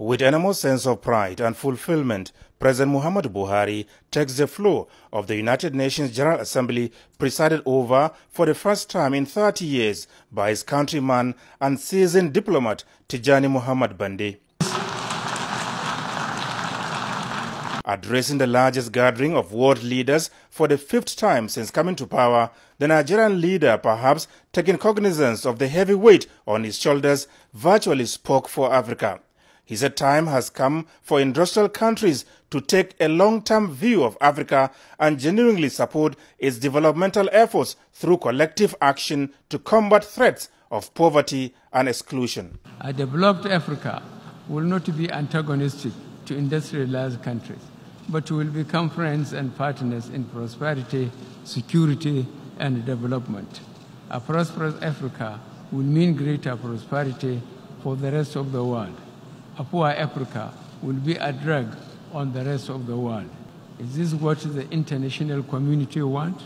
With enormous sense of pride and fulfillment, President Muhammad Buhari takes the floor of the United Nations General Assembly presided over for the first time in 30 years by his countryman and seasoned diplomat Tijani Muhammad Bande. Addressing the largest gathering of world leaders for the fifth time since coming to power, the Nigerian leader, perhaps taking cognizance of the heavy weight on his shoulders, virtually spoke for Africa. He said time has come for industrial countries to take a long-term view of Africa and genuinely support its developmental efforts through collective action to combat threats of poverty and exclusion. A developed Africa will not be antagonistic to industrialized countries, but will become friends and partners in prosperity, security, and development. A prosperous Africa will mean greater prosperity for the rest of the world. Papua Africa will be a drag on the rest of the world. Is this what the international community wants?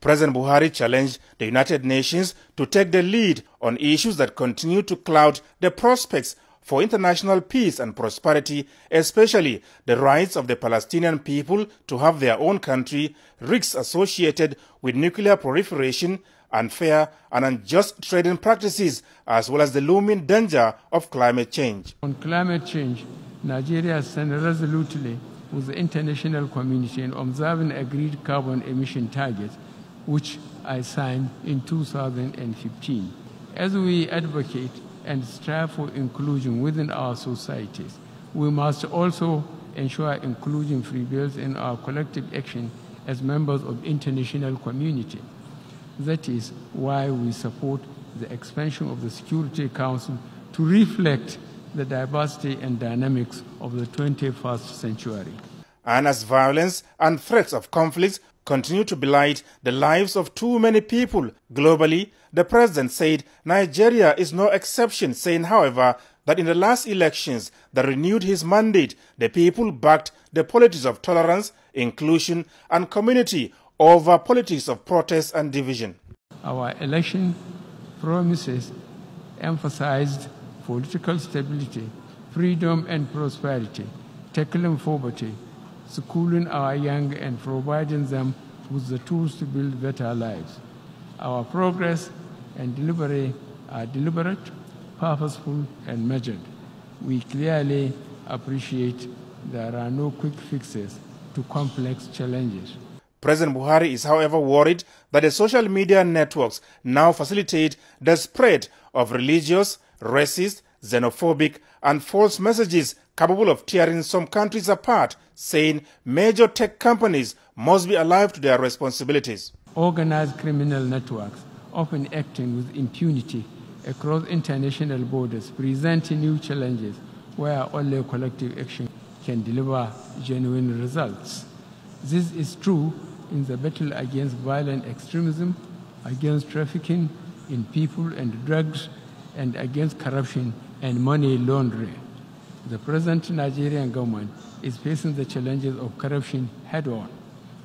President Buhari challenged the United Nations to take the lead on issues that continue to cloud the prospects for international peace and prosperity, especially the rights of the Palestinian people to have their own country, risks associated with nuclear proliferation, unfair and unjust trading practices, as well as the looming danger of climate change. On climate change, Nigeria stands resolutely with the international community in observing agreed carbon emission targets, which I signed in 2015. As we advocate and strive for inclusion within our societies, we must also ensure inclusion prevails in our collective action as members of international community. That is why we support the expansion of the Security Council to reflect the diversity and dynamics of the 21st century. And as violence and threats of conflicts continue to blight the lives of too many people globally, the president said Nigeria is no exception, saying, however, that in the last elections that renewed his mandate, the people backed the politics of tolerance, inclusion, and community over politics of protest and division. Our election promises emphasized political stability, freedom and prosperity, tackling poverty, schooling our young and providing them with the tools to build better lives. Our progress and delivery are deliberate, purposeful, and measured. We clearly appreciate there are no quick fixes to complex challenges. President Buhari is, however, worried that the social media networks now facilitate the spread of religious, racist, xenophobic, and false messages capable of tearing some countries apart, saying major tech companies must be alive to their responsibilities. Organized criminal networks, often acting with impunity across international borders, present new challenges where only collective action can deliver genuine results. This is true in the battle against violent extremism, against trafficking in people and drugs, and against corruption and money laundering. The present Nigerian government is facing the challenges of corruption head on.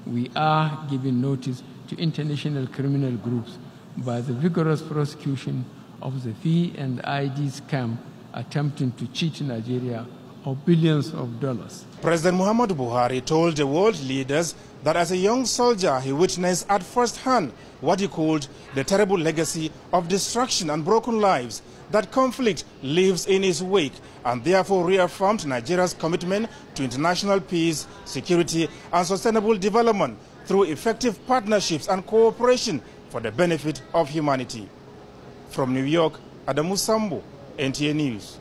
We are giving notice to international criminal groups by the vigorous prosecution of the V and ID scam attempting to cheat Nigeria of billions of dollars. President Muhammad Buhari told the world leaders that as a young soldier, he witnessed at first hand what he called the terrible legacy of destruction and broken lives that conflict leaves in its wake and therefore reaffirmed Nigeria's commitment to international peace, security and sustainable development through effective partnerships and cooperation for the benefit of humanity. From New York, Adamu Sambo, NTA News.